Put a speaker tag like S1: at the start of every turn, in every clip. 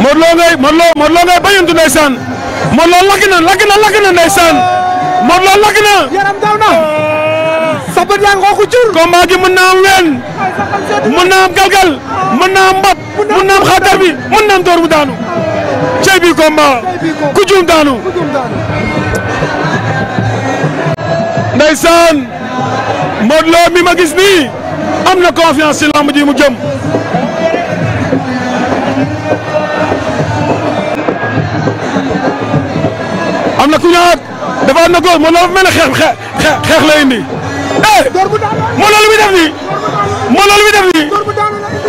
S1: Modou Lo ngay Modou Lo Modou Lo ngay lakk na lakk na lakk na ndeysaan Modou lakk na. yaram daw na. sabat yaa mën naa am ween mën naa am galgal mën naa am mbat mën naa am xatar bi daanu cey bi combat ku juum daanu ndeysaan Modou Lo ma gis nii na confiance ci lamb na ku laa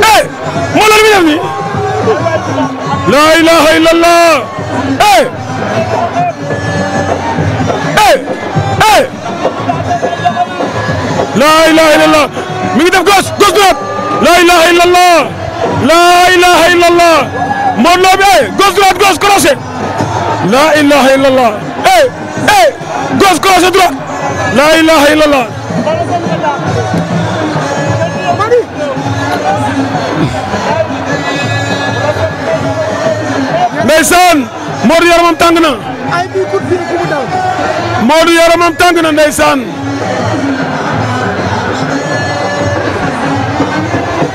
S1: eh, eh, ilaaha illallah eh eh. laa ilaha illallah laa ilaha illallah laa ilaha illallah Modou Lo bi eh gos droite laa ilaha illallah eh eh gos croisé droite laa ilaha illallah ndeysaan Modou yaramam tàng na Modou yaramam tàng na ndeysaan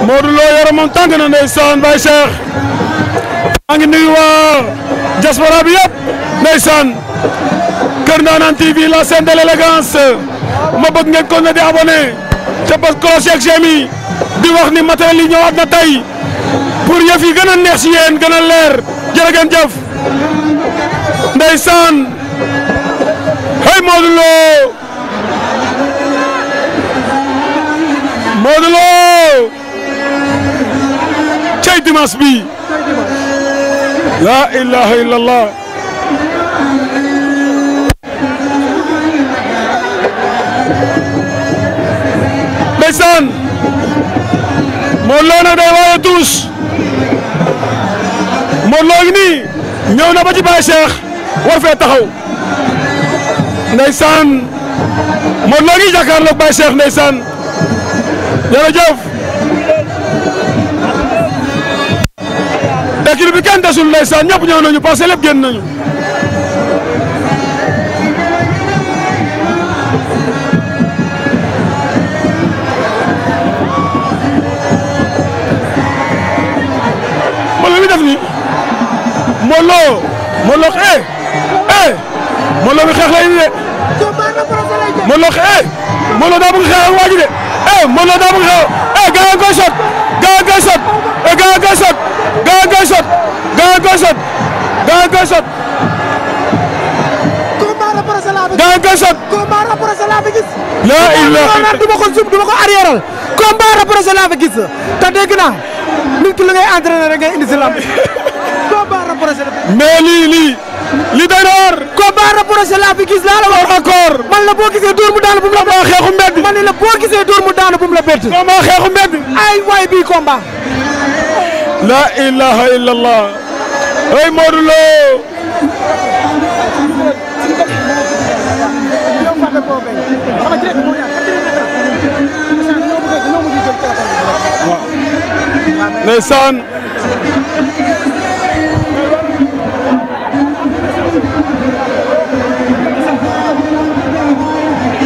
S1: Modou Lo yaramam tàng na ndeysaan Baye Cheikh nuyu waa diaspora bi yëpp ndeysaan Kër la scène de l'élégance ma bëgg ngeen ko ne di abonné ca bas cloche ak j'aime di wax ni matériel yi ñëwaat na tey pour yëf yi gën a neex si yéen gën a leer jërë ngeen jëf hey Modou Lo dimanche bii laa ilaha illallah ndeysaan Modou Lo nag day ba ci war fee taxaw ndeysaan Modou Lo ngi jàkkaarloog Baye Cheikh ndeysaan jërëjëf desul ndeysaan ñëpp ñëw nañu parce que lépp génn nañu. Modou Lo mi def nii Modou Lo Modou Lo eh eh Modou Lo mi xeex la indi de Modou Lo gaa koy gaa koy gaa koy sot gaa koy sot gaa koy sot gaa koy sot combat rapproché laa fi gis laa ko sub du ko arriéral combat rapproché laa fi gis te dégg naa nit ki la ngay entraîné rek ngay indi si lamb combat lii lii li doy na war. combat rapproché laa fi gis laa la war encore. man la boo gisee dóor mu daanu bu mu la. combat xeexu mbedd. man la boo gisee dóor mu daanu bu mu la bett. combat xeexu mbedd. ay waay bii combat. la ilaha illallah ay Modou Lo ndeysaan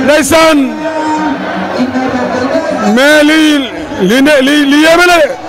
S1: ndeysaan mais li li ne li yéeme na de